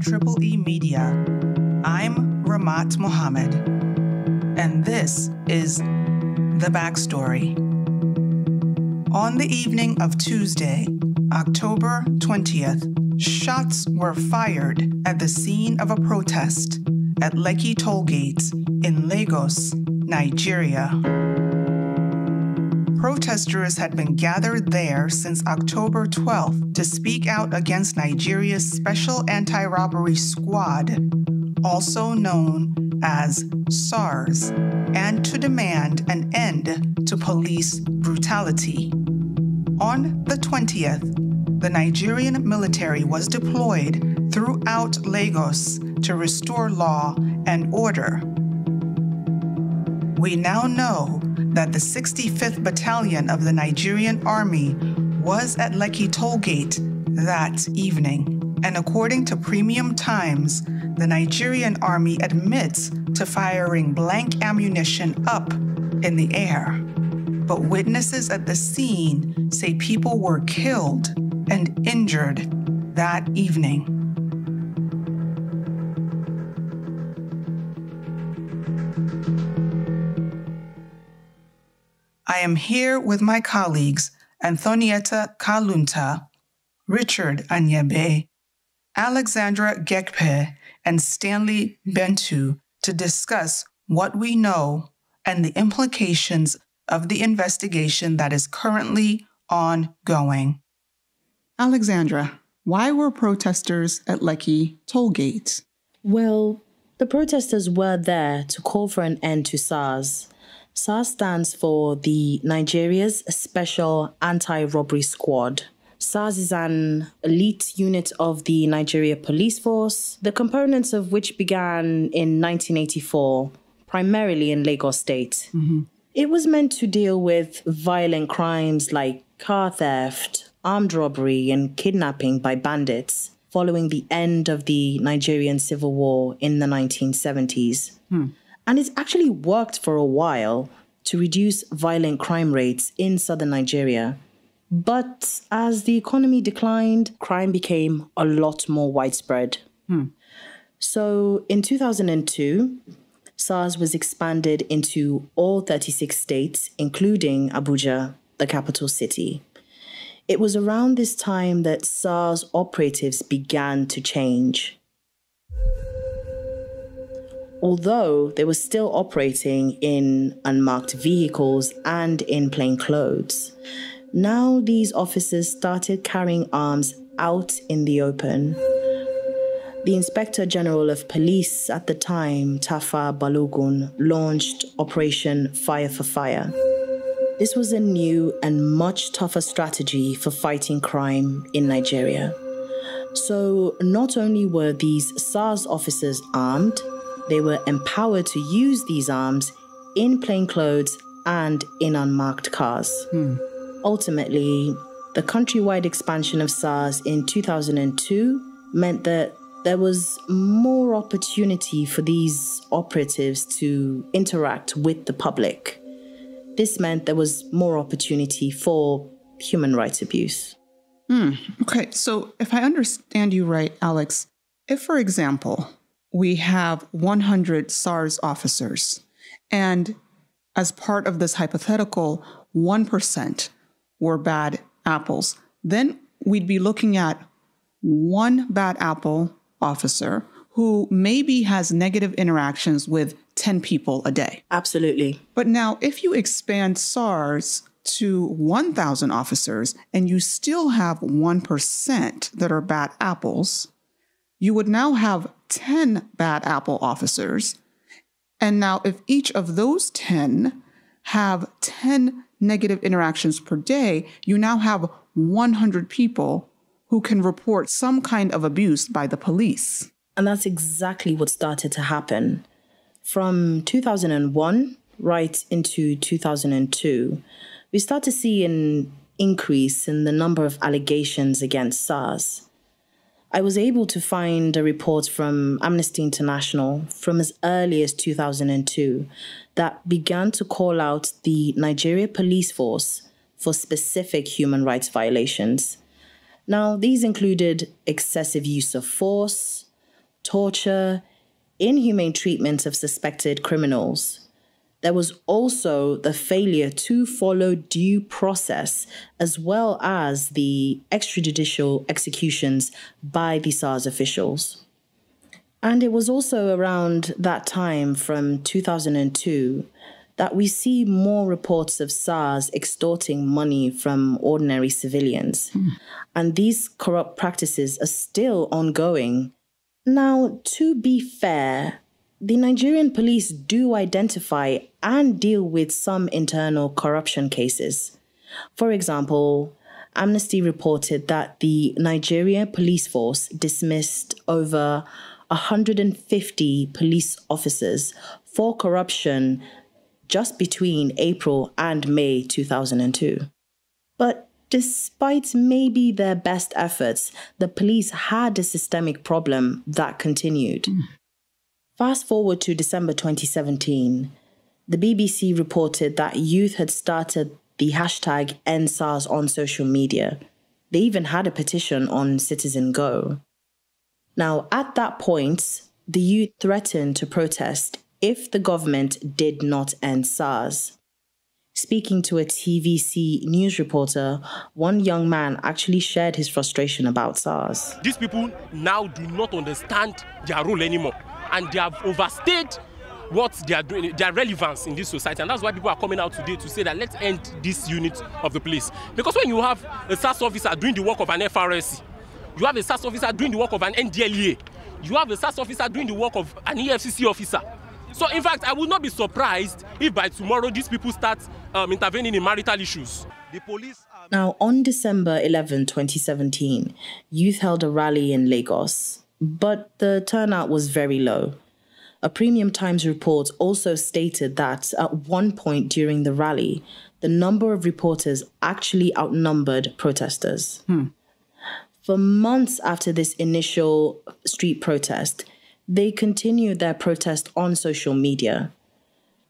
Triple E Media. I'm Ramat Mohammed, and this is The Backstory. On the evening of Tuesday, October 20th, shots were fired at the scene of a protest at Lekki Tollgate in Lagos, Nigeria protesters had been gathered there since October 12 to speak out against Nigeria's Special Anti Robbery Squad, also known as SARS, and to demand an end to police brutality. On the 20th, the Nigerian military was deployed throughout Lagos to restore law and order. We now know that the 65th Battalion of the Nigerian Army was at Lekki Tollgate that evening. And according to Premium Times, the Nigerian Army admits to firing blank ammunition up in the air. But witnesses at the scene say people were killed and injured that evening. I am here with my colleagues Antonieta Kalunta, Richard Anyebe, Alexandra Gekpe, and Stanley Bentu to discuss what we know and the implications of the investigation that is currently ongoing. Alexandra, why were protesters at Lecky Tollgate? Well, the protesters were there to call for an end to SARS SARS stands for the Nigeria's Special Anti-Robbery Squad. SARS is an elite unit of the Nigeria Police Force, the components of which began in 1984, primarily in Lagos State. Mm-hmm. It was meant to deal with violent crimes like car theft, armed robbery, and kidnapping by bandits following the end of the Nigerian Civil War in the 1970s. Hmm. And it's actually worked for a while to reduce violent crime rates in southern Nigeria. But as the economy declined, crime became a lot more widespread. Hmm. So in 2002, SARS was expanded into all 36 states, including Abuja, the capital city. It was around this time that SARS operatives began to change although they were still operating in unmarked vehicles and in plain clothes. Now these officers started carrying arms out in the open. The Inspector General of Police at the time, Tafa Balogun, launched Operation Fire for Fire. This was a new and much tougher strategy for fighting crime in Nigeria. So, not only were these SARS officers armed, they were empowered to use these arms in plain clothes and in unmarked cars. Hmm. Ultimately, the countrywide expansion of SARS in 2002 meant that there was more opportunity for these operatives to interact with the public. This meant there was more opportunity for human rights abuse. Hmm. okay, so if I understand you right, Alex, if, for example, we have 100 SARS officers. And as part of this hypothetical, 1% were bad apples. Then we'd be looking at one bad apple officer who maybe has negative interactions with 10 people a day. Absolutely. But now, if you expand SARS to 1,000 officers and you still have 1% that are bad apples, you would now have 10 bad apple officers. And now, if each of those 10 have 10 negative interactions per day, you now have 100 people who can report some kind of abuse by the police. And that's exactly what started to happen. From 2001 right into 2002, we start to see an increase in the number of allegations against SARS. I was able to find a report from Amnesty International from as early as 2002 that began to call out the Nigeria police force for specific human rights violations. Now, these included excessive use of force, torture, inhumane treatment of suspected criminals, there was also the failure to follow due process, as well as the extrajudicial executions by the SARS officials. And it was also around that time from 2002 that we see more reports of SARS extorting money from ordinary civilians. Mm. And these corrupt practices are still ongoing. Now, to be fair, the Nigerian police do identify and deal with some internal corruption cases. For example, Amnesty reported that the Nigeria police force dismissed over 150 police officers for corruption just between April and May 2002. But despite maybe their best efforts, the police had a systemic problem that continued. Mm. Fast forward to December 2017, the BBC reported that youth had started the hashtag NSARS on social media. They even had a petition on Citizen Go. Now, at that point, the youth threatened to protest if the government did not end SARS. Speaking to a TVC news reporter, one young man actually shared his frustration about SARS. These people now do not understand their role anymore and they have overstayed what they are doing, their relevance in this society. And that's why people are coming out today to say that let's end this unit of the police. Because when you have a SAS officer doing the work of an FRSC, you have a SAS officer doing the work of an NDLEA, you have a SAS officer doing the work of an EFCC officer. So in fact, I would not be surprised if by tomorrow these people start um, intervening in marital issues. Now, on December 11, 2017, youth held a rally in Lagos but the turnout was very low. A Premium Times report also stated that at one point during the rally, the number of reporters actually outnumbered protesters. Hmm. For months after this initial street protest, they continued their protest on social media.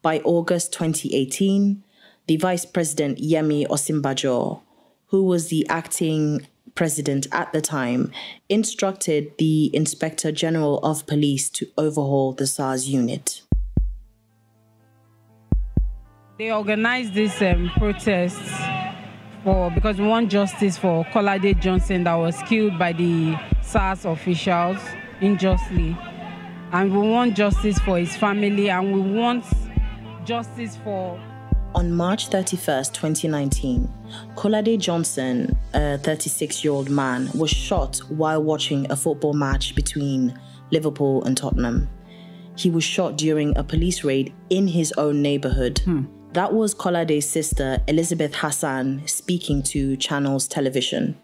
By August 2018, the Vice President Yemi Osinbajo, who was the acting president at the time instructed the Inspector General of Police to overhaul the SARS unit. They organized this um, protest for because we want justice for Kolade Johnson that was killed by the SARS officials unjustly. And we want justice for his family and we want justice for on March 31, 2019, Kolade Johnson, a 36 year old man, was shot while watching a football match between Liverpool and Tottenham. He was shot during a police raid in his own neighborhood. Hmm. That was Kolade's sister, Elizabeth Hassan, speaking to Channels Television.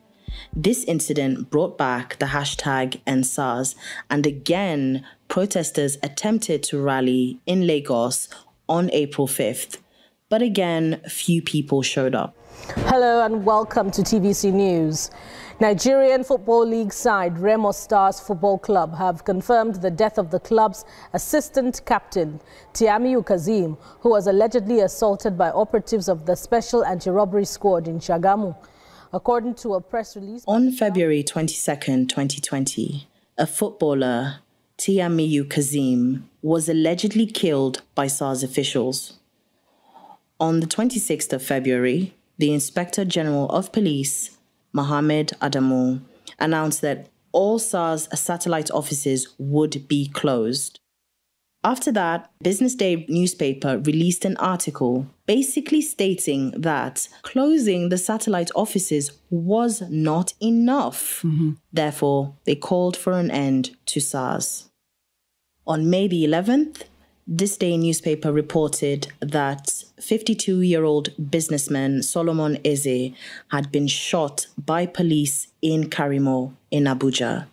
This incident brought back the hashtag NSARS, and again, protesters attempted to rally in Lagos on April 5th but again, few people showed up. Hello and welcome to TVC News. Nigerian Football League side Remo Stars Football Club have confirmed the death of the club's assistant captain, Tiamiu Kazim, who was allegedly assaulted by operatives of the Special Anti-Robbery Squad in Shagamu. According to a press release... On February 22, 2020, a footballer, Tiamiu Kazim, was allegedly killed by SARS officials. On the 26th of February, the Inspector General of Police, Mohamed Adamu, announced that all SARS satellite offices would be closed. After that, Business Day newspaper released an article basically stating that closing the satellite offices was not enough. Mm-hmm. Therefore, they called for an end to SARS. On May the 11th, this Day newspaper reported that 52 year old businessman Solomon Eze had been shot by police in Karimo in Abuja.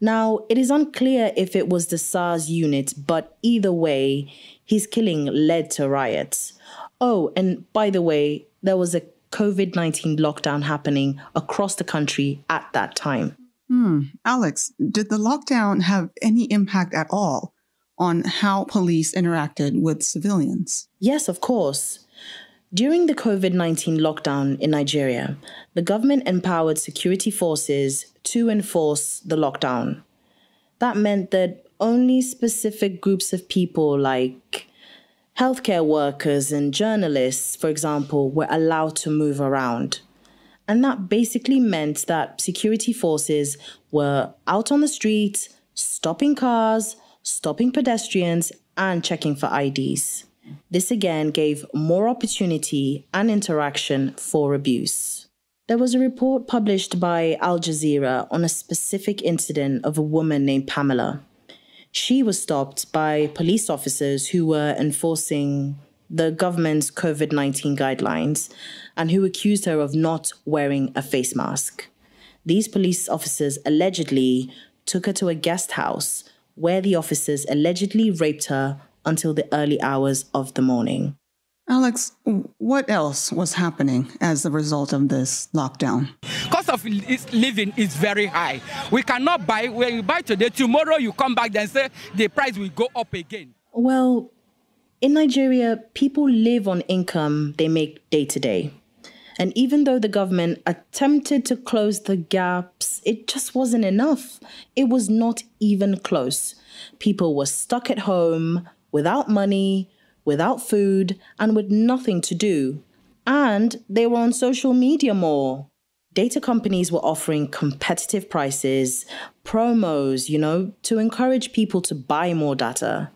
Now, it is unclear if it was the SARS unit, but either way, his killing led to riots. Oh, and by the way, there was a COVID 19 lockdown happening across the country at that time. Hmm. Alex, did the lockdown have any impact at all on how police interacted with civilians? Yes, of course. During the COVID 19 lockdown in Nigeria, the government empowered security forces to enforce the lockdown. That meant that only specific groups of people, like healthcare workers and journalists, for example, were allowed to move around. And that basically meant that security forces were out on the streets, stopping cars, stopping pedestrians, and checking for IDs. This again gave more opportunity and interaction for abuse. There was a report published by Al Jazeera on a specific incident of a woman named Pamela. She was stopped by police officers who were enforcing the government's COVID 19 guidelines and who accused her of not wearing a face mask. These police officers allegedly took her to a guest house where the officers allegedly raped her until the early hours of the morning. Alex, what else was happening as a result of this lockdown? Cost of living is very high. We cannot buy, when you buy today, tomorrow you come back and say the price will go up again. Well, in Nigeria, people live on income they make day to day. And even though the government attempted to close the gaps, it just wasn't enough. It was not even close. People were stuck at home without money, without food, and with nothing to do. And they were on social media more. Data companies were offering competitive prices, promos, you know, to encourage people to buy more data.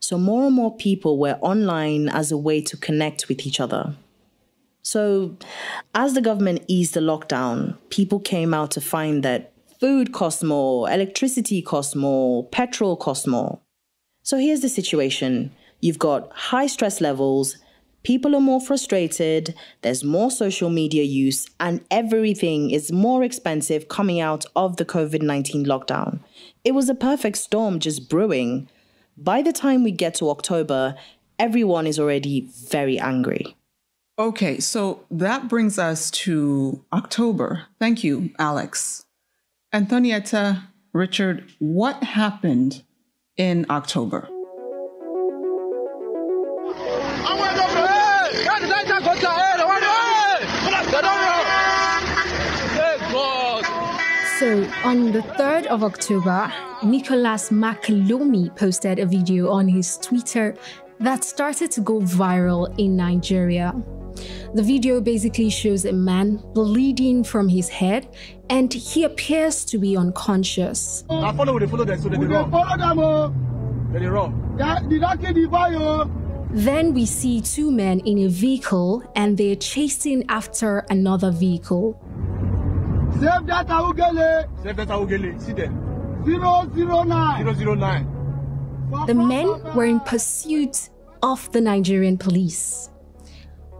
So more and more people were online as a way to connect with each other. So, as the government eased the lockdown, people came out to find that food costs more, electricity costs more, petrol costs more. So, here's the situation you've got high stress levels, people are more frustrated, there's more social media use, and everything is more expensive coming out of the COVID 19 lockdown. It was a perfect storm just brewing. By the time we get to October, everyone is already very angry. Okay, so that brings us to October. Thank you, Alex. Antonietta, Richard, what happened in October? So, on the 3rd of October, Nicolas Makalomi posted a video on his Twitter that started to go viral in Nigeria. The video basically shows a man bleeding from his head and he appears to be unconscious. I follow follow them, so oh. they, Follow them, They They, oh. Then we see two men in a vehicle and they're chasing after another vehicle. Save that Save that See them. 009. 009. The men were in pursuit of the Nigerian police.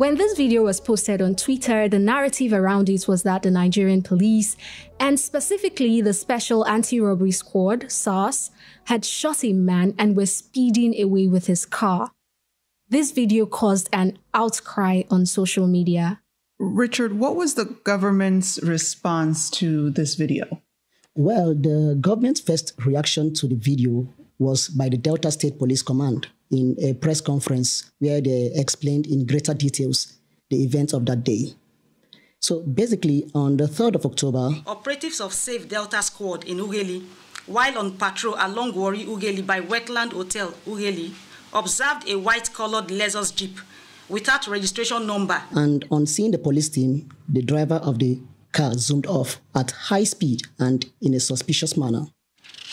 When this video was posted on Twitter, the narrative around it was that the Nigerian police, and specifically the Special Anti-Robbery Squad, SARS, had shot a man and were speeding away with his car. This video caused an outcry on social media. Richard, what was the government's response to this video? Well, the government's first reaction to the video was by the Delta State Police Command in a press conference where they explained in greater details the events of that day. So basically, on the 3rd of October, operatives of Safe Delta Squad in Ugeli, while on patrol along Wari Ugeli by Wetland Hotel Ugeli, observed a white colored Lexus Jeep without registration number. And on seeing the police team, the driver of the car zoomed off at high speed and in a suspicious manner.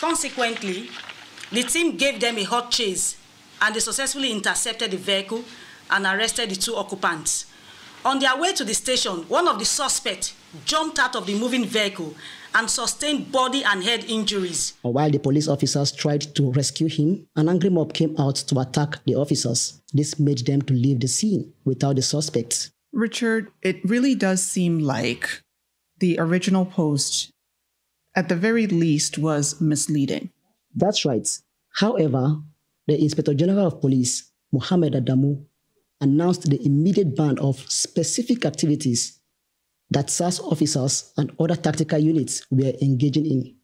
Consequently, the team gave them a hot chase and they successfully intercepted the vehicle and arrested the two occupants. On their way to the station, one of the suspects jumped out of the moving vehicle and sustained body and head injuries. While the police officers tried to rescue him, an angry mob came out to attack the officers. This made them to leave the scene without the suspects. Richard, it really does seem like the original post, at the very least, was misleading. That's right. However, the Inspector General of Police, Mohamed Adamu, announced the immediate ban of specific activities that SAS officers and other tactical units were engaging in.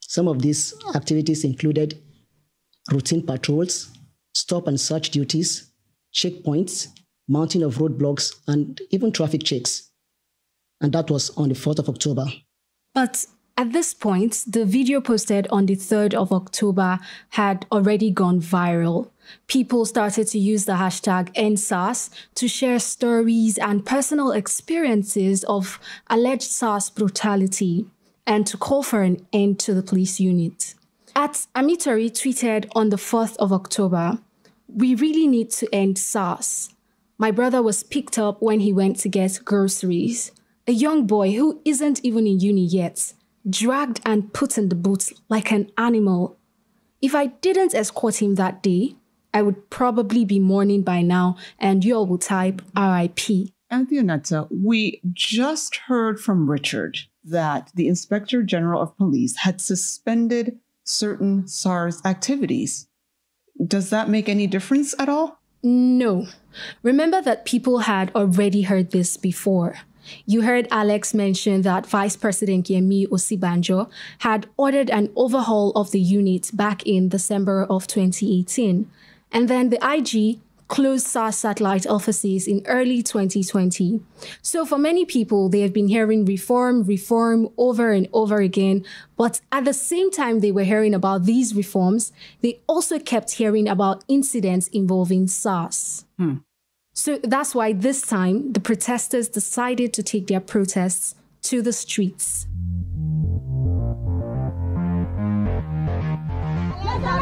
Some of these activities included routine patrols, stop and search duties, checkpoints, mounting of roadblocks, and even traffic checks. And that was on the 4th of October. But at this point, the video posted on the 3rd of October had already gone viral. People started to use the hashtag NSAS to share stories and personal experiences of alleged SARS brutality and to call for an end to the police unit. At Amitori tweeted on the 4th of October, we really need to end SARS. My brother was picked up when he went to get groceries. A young boy who isn't even in uni yet dragged and put in the boots like an animal. If I didn't escort him that day, I would probably be mourning by now, and you all will type RIP. Anthea we just heard from Richard that the Inspector General of Police had suspended certain SARS activities. Does that make any difference at all? No. Remember that people had already heard this before. You heard Alex mention that Vice President Yemi Osibanjo had ordered an overhaul of the unit back in December of 2018, and then the IG closed SARS satellite offices in early 2020. So for many people, they have been hearing reform, reform over and over again. But at the same time they were hearing about these reforms, they also kept hearing about incidents involving SARS. Hmm. So that's why this time the protesters decided to take their protests to the streets.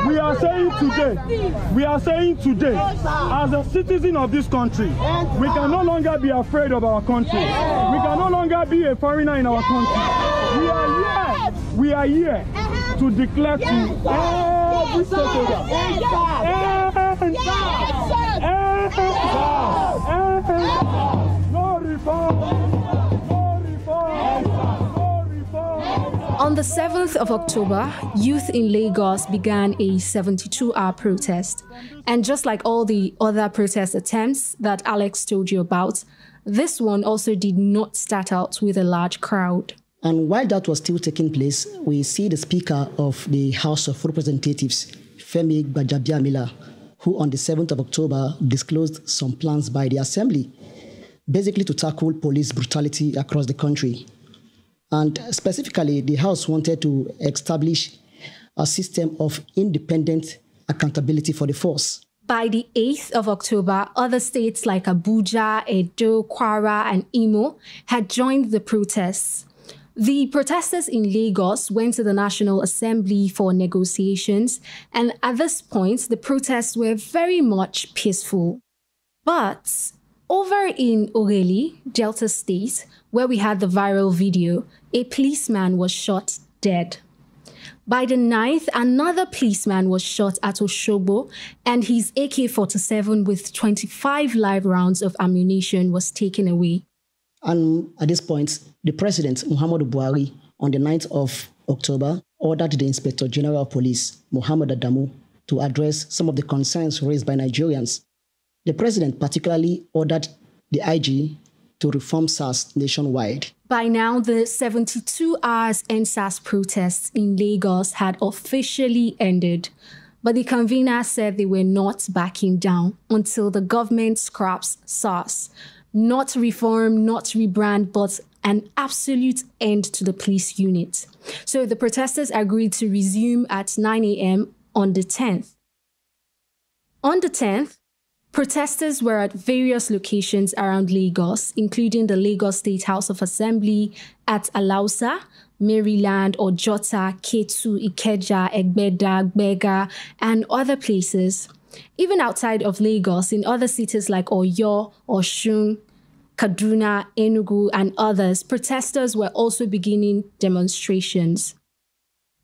We are saying today, we are saying today, as a citizen of this country, we can no longer be afraid of our country. We can no longer be a foreigner in our country. We are here, we are here to declare to every stakeholder, on the 7th of October, youth in Lagos began a 72 hour protest. And just like all the other protest attempts that Alex told you about, this one also did not start out with a large crowd. And while that was still taking place, we see the Speaker of the House of Representatives, Femi Gbajabiamila, who on the 7th of October disclosed some plans by the Assembly, basically to tackle police brutality across the country. And specifically, the House wanted to establish a system of independent accountability for the force. By the 8th of October, other states like Abuja, Edo, Kwara, and Imo had joined the protests. The protesters in Lagos went to the National Assembly for negotiations, and at this point, the protests were very much peaceful. But over in Ogeli, Delta State, where we had the viral video, a policeman was shot dead. By the 9th, another policeman was shot at Oshobo, and his AK 47 with 25 live rounds of ammunition was taken away. And at this point, the President, Muhammadu Buhari, on the 9th of October, ordered the Inspector General of Police, Muhammad Adamu, to address some of the concerns raised by Nigerians. The President particularly ordered the IG to reform SARS nationwide. By now, the 72 hours end SARS protests in Lagos had officially ended but the convener said they were not backing down until the government scraps SARS. Not reform, not rebrand, but an absolute end to the police unit. So the protesters agreed to resume at 9 a.m. on the 10th. On the 10th, protesters were at various locations around Lagos, including the Lagos State House of Assembly, at Alausa, Maryland, Ojota, Ketu, Ikeja, Egbeda, Gbega, and other places. Even outside of Lagos, in other cities like Oyo, Oshun, Kaduna, Enugu, and others, protesters were also beginning demonstrations.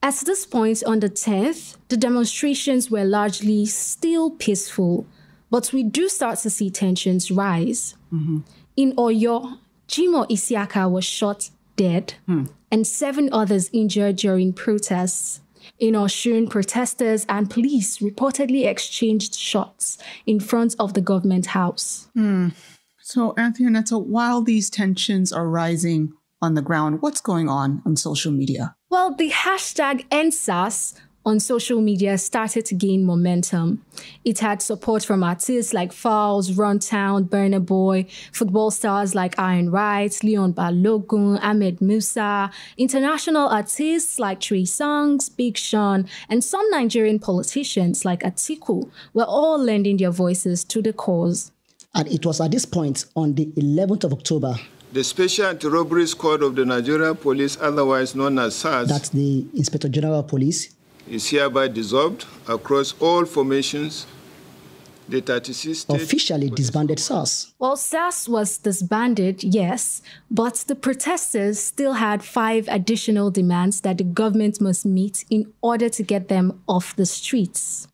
At this point on the 10th, the demonstrations were largely still peaceful, but we do start to see tensions rise. Mm-hmm. In Oyo, Jimo Isiaka was shot dead mm. and seven others injured during protests. In Oshun, protesters and police reportedly exchanged shots in front of the government house. Mm. So, Anthony Anthea while these tensions are rising on the ground, what's going on on social media? Well, the hashtag NSAS on social media started to gain momentum. It had support from artists like Falls, Runtown, Burner Boy, football stars like Iron Wright, Leon Balogun, Ahmed Musa, international artists like Trey Songs, Big Sean, and some Nigerian politicians like Atiku were all lending their voices to the cause. And it was at this point, on the 11th of October, the Special Anti-Robbery Squad of the Nigeria Police, otherwise known as SARS, that's the Inspector General of Police, is hereby dissolved across all formations. The 36 officially disbanded SARS. Well, SARS was disbanded, yes, but the protesters still had five additional demands that the government must meet in order to get them off the streets.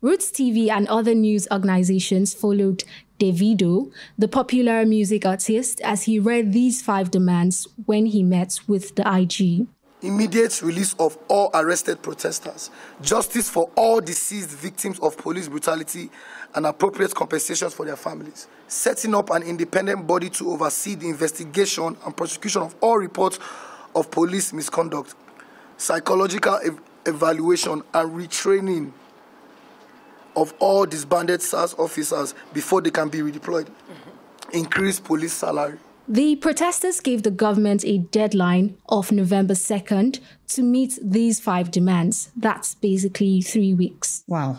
Roots TV and other news organizations followed Davido, the popular music artist, as he read these five demands when he met with the IG. Immediate release of all arrested protesters, justice for all deceased victims of police brutality, and appropriate compensations for their families. Setting up an independent body to oversee the investigation and prosecution of all reports of police misconduct, psychological ev evaluation, and retraining of all disbanded SARS officers before they can be redeployed, mm -hmm. increase police salary. The protesters gave the government a deadline of November 2nd to meet these five demands. That's basically three weeks. Wow.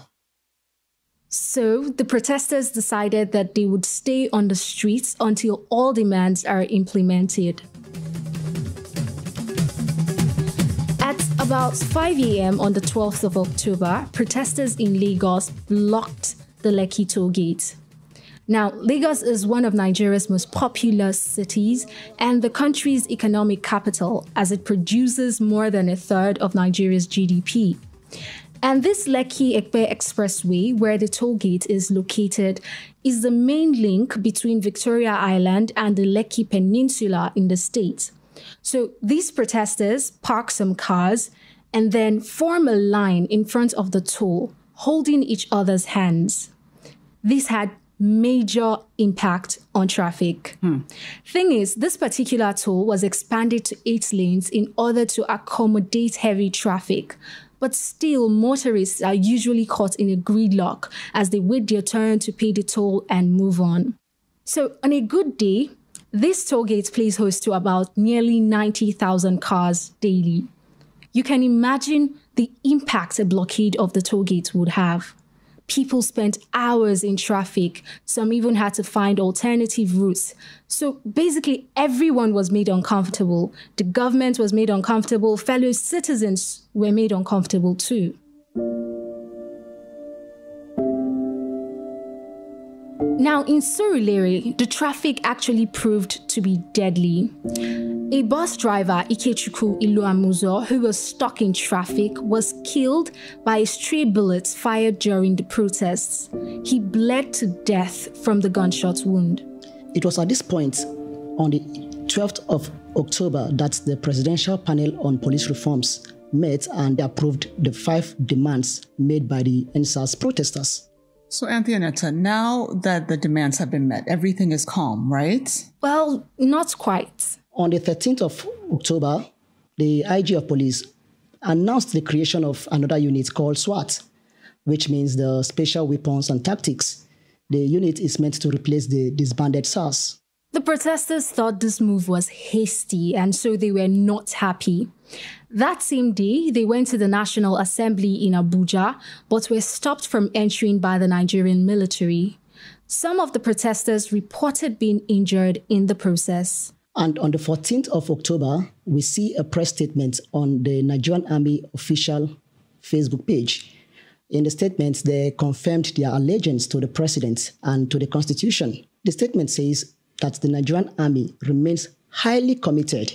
So the protesters decided that they would stay on the streets until all demands are implemented. About 5 a.m. on the 12th of October, protesters in Lagos blocked the Lekki toll gate. Now, Lagos is one of Nigeria's most populous cities and the country's economic capital, as it produces more than a third of Nigeria's GDP. And this Lekki Ekpe Expressway, where the toll gate is located, is the main link between Victoria Island and the Lekki Peninsula in the state. So these protesters park some cars and then form a line in front of the toll, holding each other's hands. This had major impact on traffic. Hmm. Thing is, this particular toll was expanded to eight lanes in order to accommodate heavy traffic. But still, motorists are usually caught in a gridlock as they wait their turn to pay the toll and move on. So, on a good day, this toll plays host to about nearly 90,000 cars daily. You can imagine the impact a blockade of the toll would have. People spent hours in traffic. Some even had to find alternative routes. So basically, everyone was made uncomfortable. The government was made uncomfortable. Fellow citizens were made uncomfortable too. Now, in Surulere, the traffic actually proved to be deadly. A bus driver, Ikechuku Iluamuzo, who was stuck in traffic, was killed by stray bullets fired during the protests. He bled to death from the gunshot wound. It was at this point, on the 12th of October, that the Presidential Panel on Police Reforms met and approved the five demands made by the NSAS protesters. So, Anthonyetta, now that the demands have been met, everything is calm, right? Well, not quite. On the 13th of October, the IG of police announced the creation of another unit called SWAT, which means the Special Weapons and Tactics. The unit is meant to replace the disbanded SARS. The protesters thought this move was hasty, and so they were not happy. That same day, they went to the National Assembly in Abuja, but were stopped from entering by the Nigerian military. Some of the protesters reported being injured in the process. And on the 14th of October, we see a press statement on the Nigerian Army official Facebook page. In the statement, they confirmed their allegiance to the president and to the constitution. The statement says that the Nigerian army remains highly committed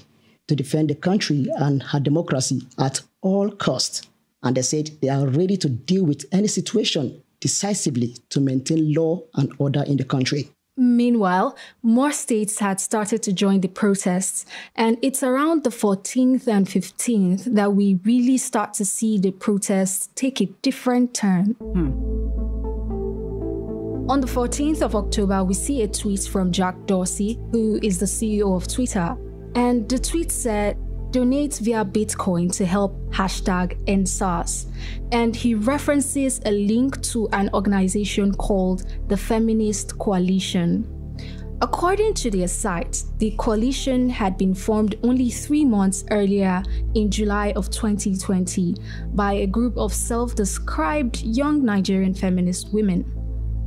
to defend the country and her democracy at all costs. And they said they are ready to deal with any situation decisively to maintain law and order in the country. Meanwhile, more states had started to join the protests, and it's around the 14th and 15th that we really start to see the protests take a different turn. Hmm. On the 14th of October, we see a tweet from Jack Dorsey, who is the CEO of Twitter. And the tweet said, donate via Bitcoin to help hashtag NSARS. And he references a link to an organization called the Feminist Coalition. According to their site, the coalition had been formed only three months earlier in July of 2020 by a group of self described young Nigerian feminist women.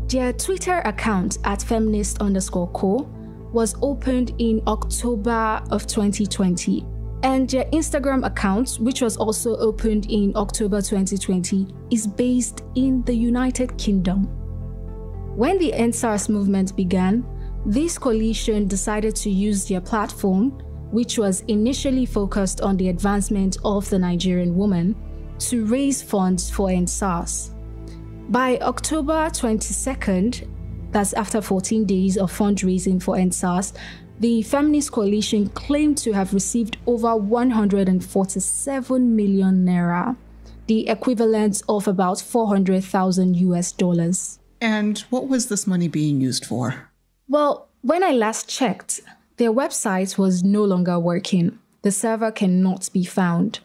Their Twitter account at feminist underscore co was opened in October of 2020, and their Instagram account, which was also opened in October 2020, is based in the United Kingdom. When the NSARS movement began, this coalition decided to use their platform, which was initially focused on the advancement of the Nigerian woman, to raise funds for NSARS. By October 22nd, that's after 14 days of fundraising for NSAS, the Feminist Coalition claimed to have received over 147 million naira, the equivalent of about 400,000 US dollars. And what was this money being used for? Well, when I last checked, their website was no longer working. The server cannot be found.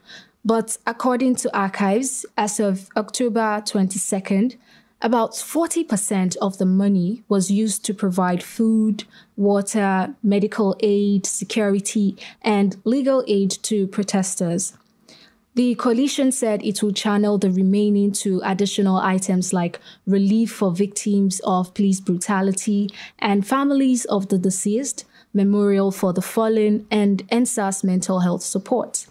But according to archives, as of October 22nd, about 40% of the money was used to provide food, water, medical aid, security, and legal aid to protesters. The coalition said it will channel the remaining to additional items like relief for victims of police brutality and families of the deceased, memorial for the fallen, and NSAS mental health support.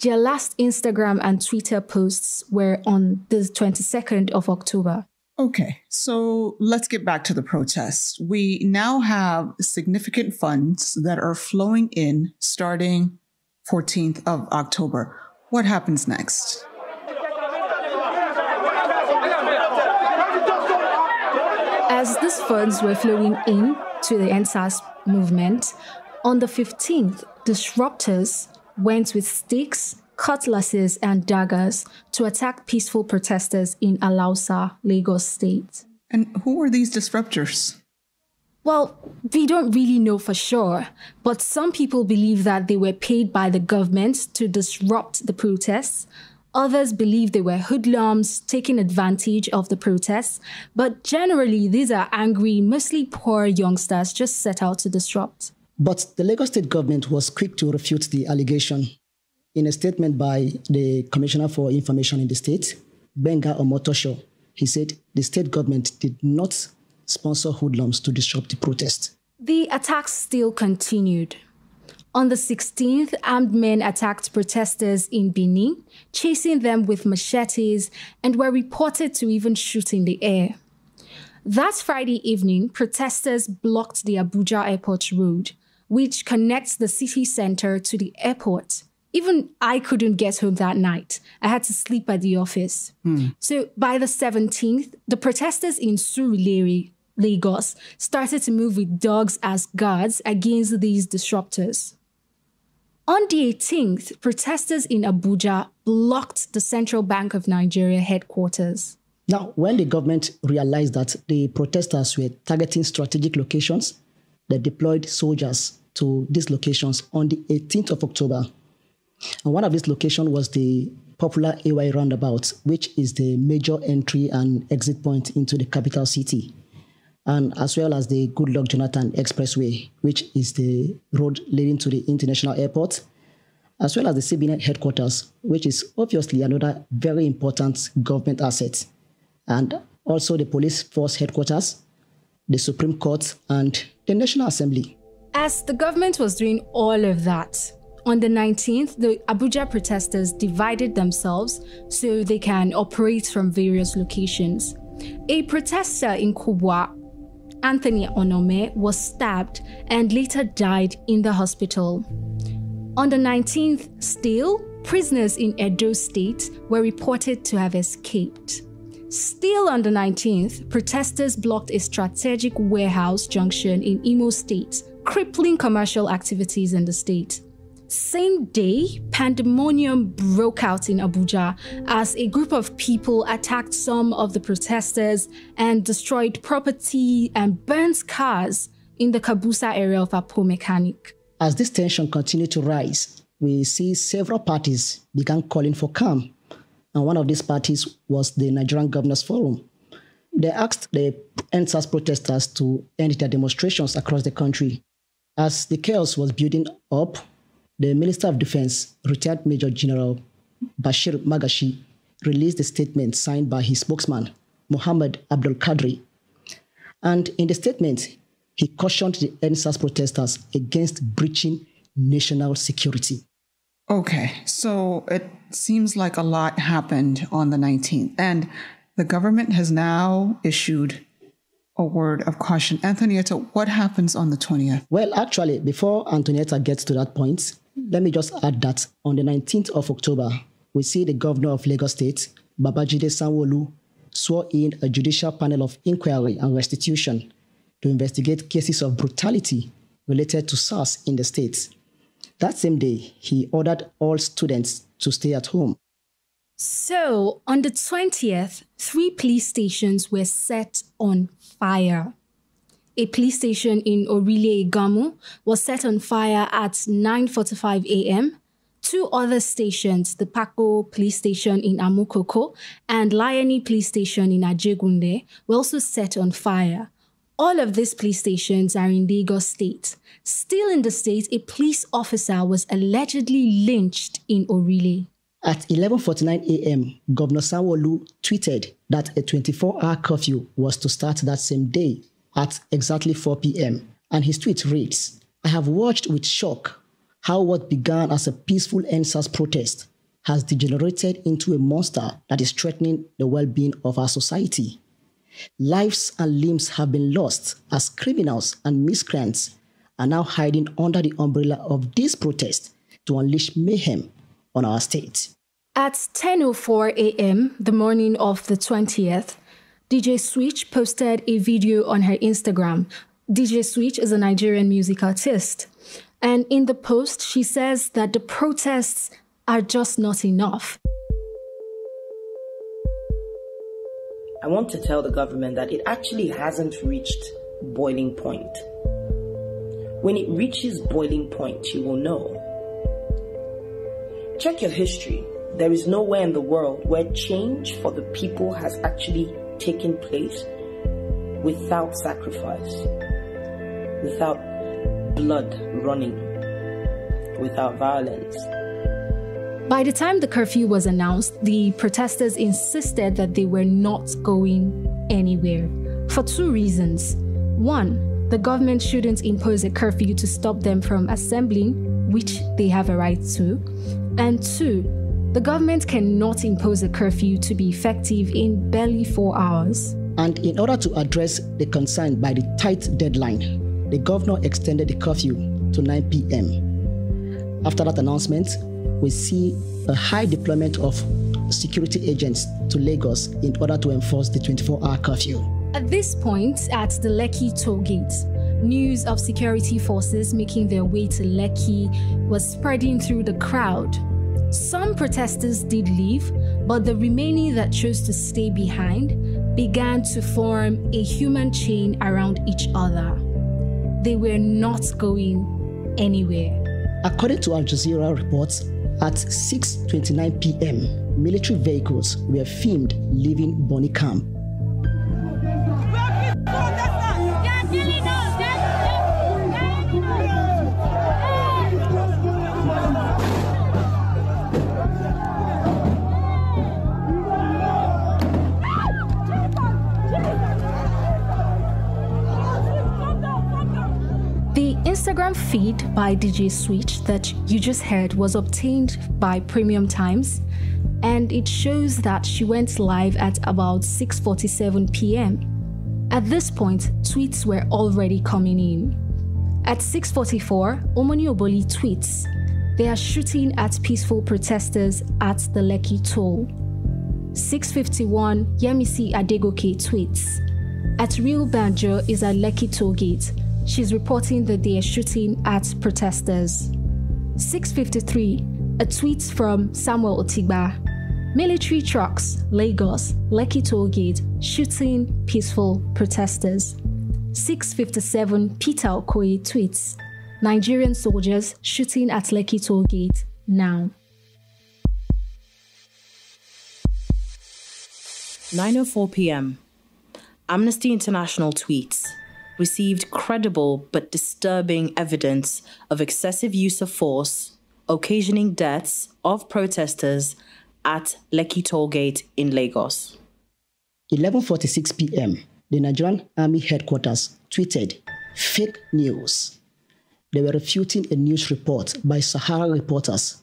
Their last Instagram and Twitter posts were on the 22nd of October. Okay, so let's get back to the protests. We now have significant funds that are flowing in starting 14th of October. What happens next? As these funds were flowing in to the NSAS movement, on the 15th, disruptors went with sticks, cutlasses, and daggers to attack peaceful protesters in Alausa, Lagos State. And who were these disruptors? Well, we don't really know for sure, but some people believe that they were paid by the government to disrupt the protests. Others believe they were hoodlums taking advantage of the protests, but generally, these are angry, mostly poor youngsters just set out to disrupt. But the Lagos state government was quick to refute the allegation in a statement by the Commissioner for Information in the state, Benga Omotosho. He said the state government did not sponsor hoodlums to disrupt the protest. The attacks still continued. On the 16th, armed men attacked protesters in Benin, chasing them with machetes and were reported to even shoot in the air. That Friday evening, protesters blocked the Abuja airport road, which connects the city center to the airport. Even I couldn't get home that night. I had to sleep at the office. Hmm. So by the 17th, the protesters in Surulere, Lagos, started to move with dogs as guards against these disruptors. On the 18th, protesters in Abuja blocked the Central Bank of Nigeria headquarters. Now, when the government realized that the protesters were targeting strategic locations, that deployed soldiers to these locations on the 18th of October. And one of these locations was the popular AY roundabout, which is the major entry and exit point into the capital city, and as well as the Good Luck Jonathan Expressway, which is the road leading to the international airport, as well as the CBN headquarters, which is obviously another very important government asset, and also the police force headquarters, the Supreme Court, and the National Assembly. As the government was doing all of that, on the 19th, the Abuja protesters divided themselves so they can operate from various locations. A protester in Kubwa, Anthony Onome, was stabbed and later died in the hospital. On the 19th, still, prisoners in Edo State were reported to have escaped. Still on the 19th, protesters blocked a strategic warehouse junction in Imo State, crippling commercial activities in the state. Same day, pandemonium broke out in Abuja as a group of people attacked some of the protesters and destroyed property and burnt cars in the Kabusa area of Apo Mechanic. As this tension continued to rise, we see several parties began calling for calm and one of these parties was the Nigerian Governors Forum. They asked the NSAS protesters to end their demonstrations across the country. As the chaos was building up, the Minister of Defense, retired Major General Bashir Magashi, released a statement signed by his spokesman, Mohammed Abdul Qadri, And in the statement, he cautioned the NSAS protesters against breaching national security. Okay, so it seems like a lot happened on the 19th. And the government has now issued a word of caution. Antonietta, what happens on the 20th? Well, actually, before Antonietta gets to that point, let me just add that on the 19th of October, we see the governor of Lagos State, Babajide sanwo swore in a judicial panel of inquiry and restitution to investigate cases of brutality related to SARS in the state. That same day, he ordered all students to stay at home. So, on the 20th, three police stations were set on fire. A police station in Orile Gamu was set on fire at 9:45 a.m. Two other stations, the Pako police station in Amukoko and Lioni police station in Ajegunde, were also set on fire. All of these police stations are in Lagos State. Still in the state, a police officer was allegedly lynched in Orile. At 11:49 a.m., Governor Sanwo-Olu tweeted that a 24-hour curfew was to start that same day at exactly 4 p.m. And his tweet reads, "I have watched with shock how what began as a peaceful NSAS protest has degenerated into a monster that is threatening the well-being of our society." Lives and limbs have been lost as criminals and miscreants are now hiding under the umbrella of this protest to unleash mayhem on our state. At 10.04 a.m., the morning of the 20th, DJ Switch posted a video on her Instagram. DJ Switch is a Nigerian music artist. And in the post, she says that the protests are just not enough. I want to tell the government that it actually hasn't reached boiling point. When it reaches boiling point, you will know. Check your history. There is nowhere in the world where change for the people has actually taken place without sacrifice, without blood running, without violence. By the time the curfew was announced, the protesters insisted that they were not going anywhere for two reasons. One, the government shouldn't impose a curfew to stop them from assembling, which they have a right to. And two, the government cannot impose a curfew to be effective in barely four hours. And in order to address the concern by the tight deadline, the governor extended the curfew to 9 p.m. After that announcement, we see a high deployment of security agents to Lagos in order to enforce the 24-hour curfew. At this point, at the Lekki toll gate, news of security forces making their way to Lekki was spreading through the crowd. Some protesters did leave, but the remaining that chose to stay behind began to form a human chain around each other. They were not going anywhere. According to Al Jazeera reports, at 6.29 p.m., military vehicles were filmed leaving Bonny Camp program Feed by DJ Switch that you just heard was obtained by Premium Times and it shows that she went live at about 6:47 p.m. At this point, tweets were already coming in. At 6:44, Omoni Oboli tweets, "They are shooting at peaceful protesters at the Lekki toll." 6:51, Yemisi Adegoke tweets, "At Real Banjo is a Lekki toll gate." she's reporting that they are shooting at protesters. 6.53, a tweet from Samuel Otigba. Military trucks, Lagos, Lekki toll gate, shooting peaceful protesters. 6.57, Peter Okoye tweets, Nigerian soldiers shooting at Lekki toll gate now. 9.04 p.m. Amnesty International tweets received credible but disturbing evidence of excessive use of force occasioning deaths of protesters at Lekki toll gate in Lagos. 11:46 p.m. The Nigerian Army headquarters tweeted fake news. They were refuting a news report by Sahara reporters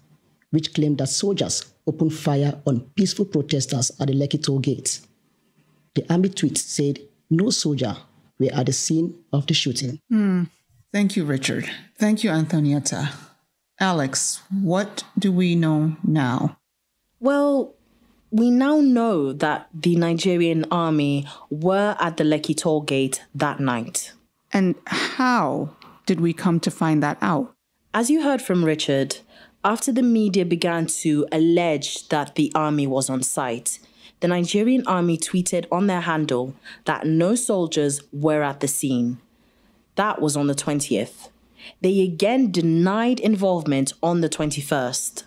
which claimed that soldiers opened fire on peaceful protesters at the Lekki toll gate. The army tweet said no soldier were at the scene of the shooting. Mm. Thank you, Richard. Thank you, Antonietta. Alex, what do we know now? Well, we now know that the Nigerian army were at the Lekki toll gate that night. And how did we come to find that out? As you heard from Richard, after the media began to allege that the army was on site, the Nigerian army tweeted on their handle that no soldiers were at the scene. That was on the 20th. They again denied involvement on the 21st.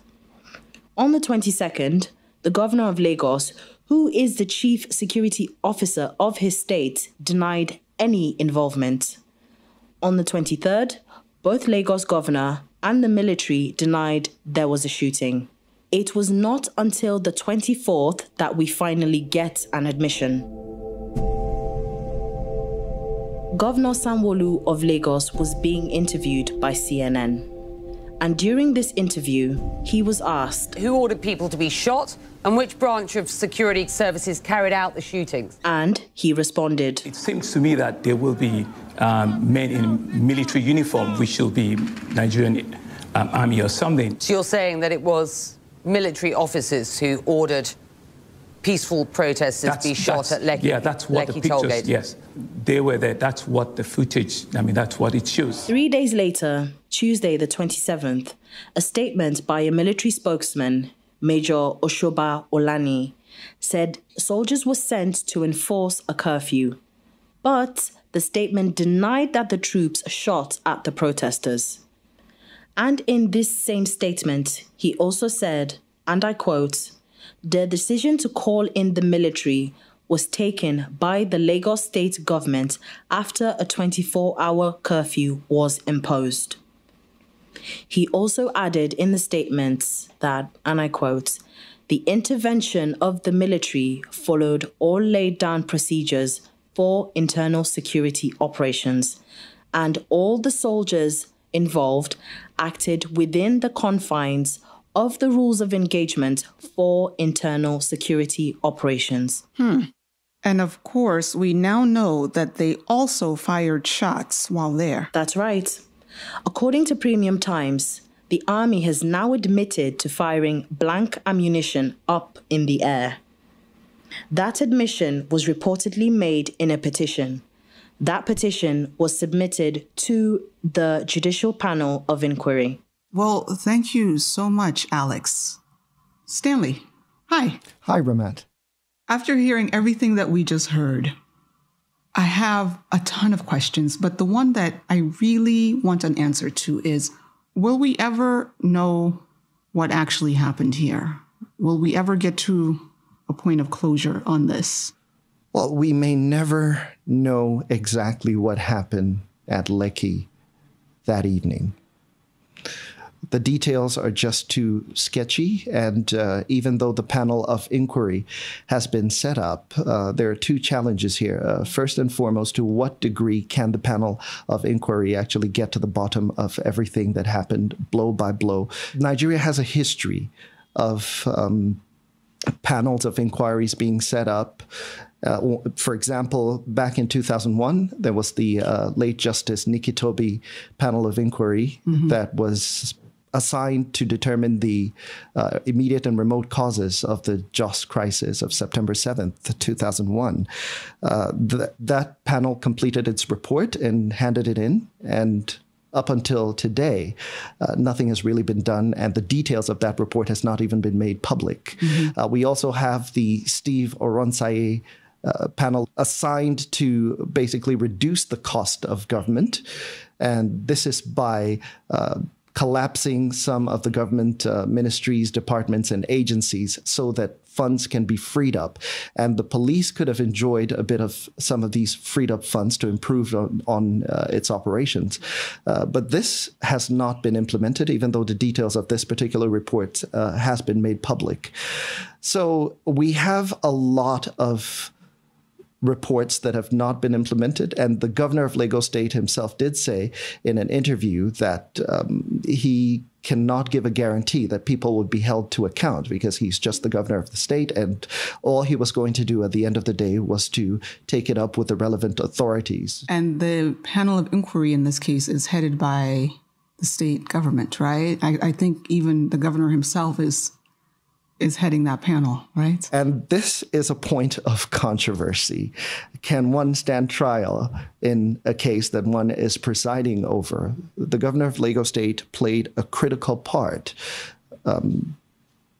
On the 22nd, the governor of Lagos, who is the chief security officer of his state, denied any involvement. On the 23rd, both Lagos governor and the military denied there was a shooting. It was not until the 24th that we finally get an admission. Governor Sanwolu of Lagos was being interviewed by CNN. And during this interview, he was asked Who ordered people to be shot and which branch of security services carried out the shootings? And he responded It seems to me that there will be um, men in military uniform, which will be Nigerian um, army or something. So you're saying that it was military officers who ordered peaceful protesters that's, be shot at Lekki. Yeah, that's what Lekki the pictures. Yes, they were there. That's what the footage. I mean, that's what it shows. Three days later, Tuesday the 27th, a statement by a military spokesman, Major Oshoba Olani, said soldiers were sent to enforce a curfew, but the statement denied that the troops shot at the protesters. And in this same statement, he also said, and I quote, the decision to call in the military was taken by the Lagos state government after a 24 hour curfew was imposed. He also added in the statement that, and I quote, the intervention of the military followed all laid down procedures for internal security operations, and all the soldiers involved acted within the confines of the rules of engagement for internal security operations. Hmm. And of course, we now know that they also fired shots while there. That's right. According to Premium Times, the Army has now admitted to firing blank ammunition up in the air. That admission was reportedly made in a petition. That petition was submitted to the Judicial Panel of Inquiry. Well, thank you so much, Alex. Stanley, hi. Hi, Ramat. After hearing everything that we just heard, I have a ton of questions, but the one that I really want an answer to is will we ever know what actually happened here? Will we ever get to a point of closure on this? Well, we may never know exactly what happened at Lecky that evening. The details are just too sketchy, and uh, even though the panel of inquiry has been set up, uh, there are two challenges here. Uh, first and foremost, to what degree can the panel of inquiry actually get to the bottom of everything that happened blow by blow? Nigeria has a history of um, panels of inquiries being set up uh, for example, back in 2001, there was the uh, late Justice Nikki panel of inquiry mm-hmm. that was assigned to determine the uh, immediate and remote causes of the Joss crisis of September 7th, 2001. Uh, th- that panel completed its report and handed it in. And up until today, uh, nothing has really been done, and the details of that report has not even been made public. Mm-hmm. Uh, we also have the Steve Oronsaye uh, panel assigned to basically reduce the cost of government. And this is by uh, collapsing some of the government uh, ministries, departments, and agencies so that funds can be freed up. And the police could have enjoyed a bit of some of these freed up funds to improve on, on uh, its operations. Uh, but this has not been implemented, even though the details of this particular report uh, has been made public. So we have a lot of reports that have not been implemented. And the governor of Lagos State himself did say in an interview that um, he cannot give a guarantee that people would be held to account because he's just the governor of the state and all he was going to do at the end of the day was to take it up with the relevant authorities. And the panel of inquiry in this case is headed by the state government, right? I, I think even the governor himself is is heading that panel, right? And this is a point of controversy. Can one stand trial in a case that one is presiding over? The governor of Lagos State played a critical part. Um,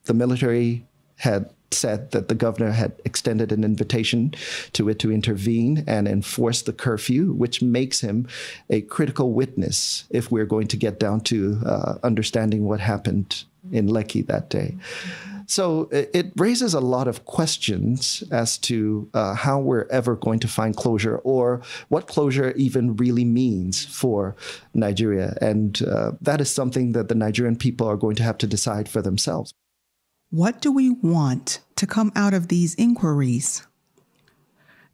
the military had said that the governor had extended an invitation to it to intervene and enforce the curfew, which makes him a critical witness if we're going to get down to uh, understanding what happened in Lekki that day. Mm -hmm. So it raises a lot of questions as to uh, how we're ever going to find closure or what closure even really means for Nigeria. And uh, that is something that the Nigerian people are going to have to decide for themselves. What do we want to come out of these inquiries?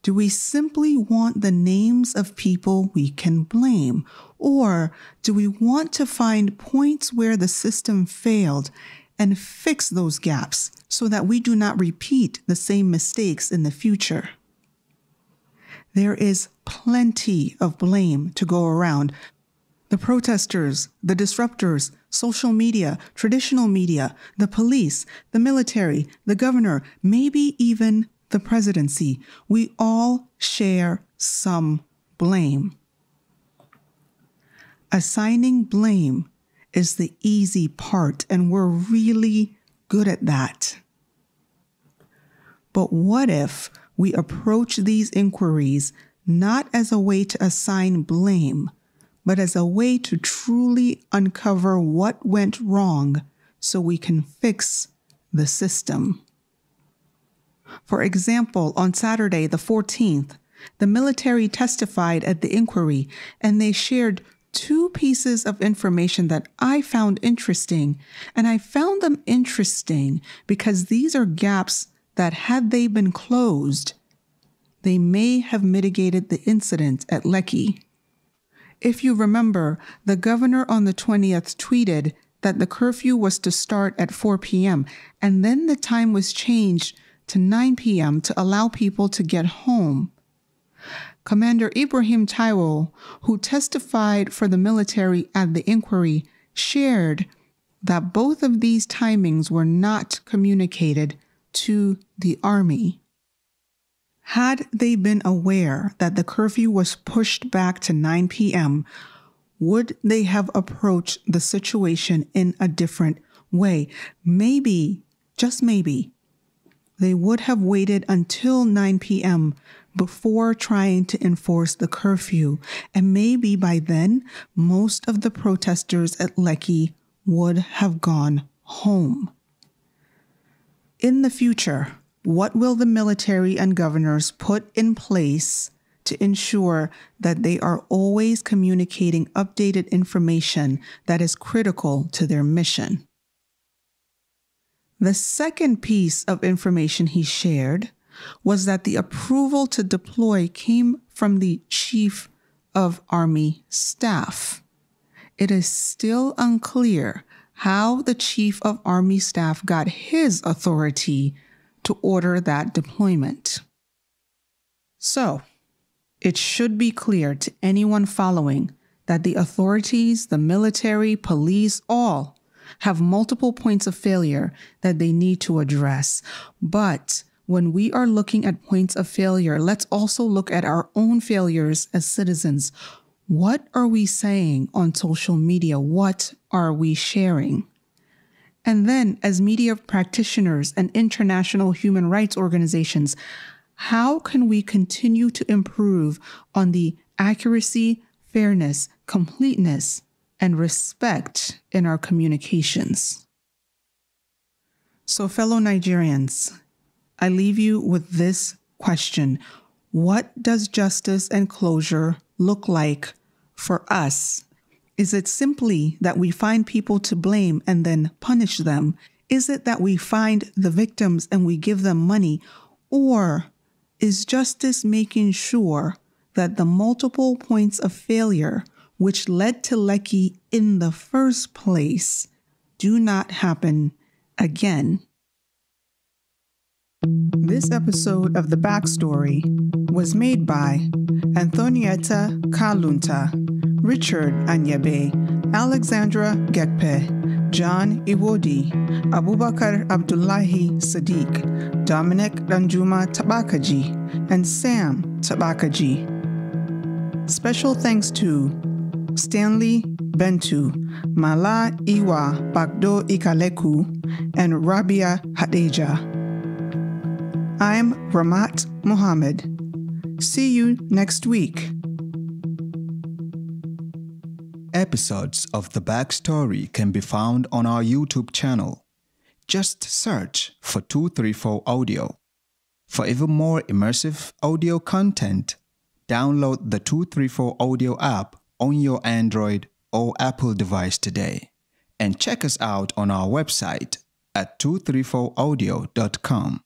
Do we simply want the names of people we can blame? Or do we want to find points where the system failed and fix those gaps so that we do not repeat the same mistakes in the future. There is plenty of blame to go around. The protesters, the disruptors, social media, traditional media, the police, the military, the governor, maybe even the presidency, we all share some blame. Assigning blame is the easy part, and we're really good at that. But what if we approach these inquiries not as a way to assign blame, but as a way to truly uncover what went wrong so we can fix the system? For example, on Saturday, the 14th, the military testified at the inquiry and they shared two pieces of information that I found interesting. And I found them interesting because these are gaps that, had they been closed, they may have mitigated the incident at Lecky. If you remember, the governor on the 20th tweeted that the curfew was to start at 4 p.m., and then the time was changed to 9 p.m. to allow people to get home. Commander Ibrahim Taiwo, who testified for the military at the inquiry, shared that both of these timings were not communicated to the Army. Had they been aware that the curfew was pushed back to 9 p.m., would they have approached the situation in a different way? Maybe, just maybe, they would have waited until 9 p.m before trying to enforce the curfew, and maybe by then, most of the protesters at Lecky would have gone home. In the future, what will the military and governors put in place to ensure that they are always communicating updated information that is critical to their mission? The second piece of information he shared was that the approval to deploy came from the chief of army staff. It is still unclear how the chief of army staff got his authority to order that deployment. So, it should be clear to anyone following that the authorities, the military, police, all have multiple points of failure that they need to address. But when we are looking at points of failure, let's also look at our own failures as citizens. What are we saying on social media? What are we sharing? And then, as media practitioners and international human rights organizations, how can we continue to improve on the accuracy, fairness, completeness, and respect in our communications? So, fellow Nigerians, I leave you with this question What does justice and closure look like for us? Is it simply that we find people to blame and then punish them? Is it that we find the victims and we give them money? Or is justice making sure that the multiple points of failure which led to Lecky in the first place do not happen again? This episode of The Backstory was made by Antonietta Kalunta, Richard Anyabe, Alexandra Gekpe, John Iwodi, Abubakar Abdullahi Sadiq, Dominic Danjuma Tabakaji, and Sam Tabakaji. Special thanks to Stanley Bentu, Mala Iwa Bagdo Ikaleku, and Rabia Hadeja. I'm Ramat Mohammed. See you next week. Episodes of The Backstory can be found on our YouTube channel. Just search for 234 Audio. For even more immersive audio content, download the 234 Audio app on your Android or Apple device today. And check us out on our website at 234audio.com.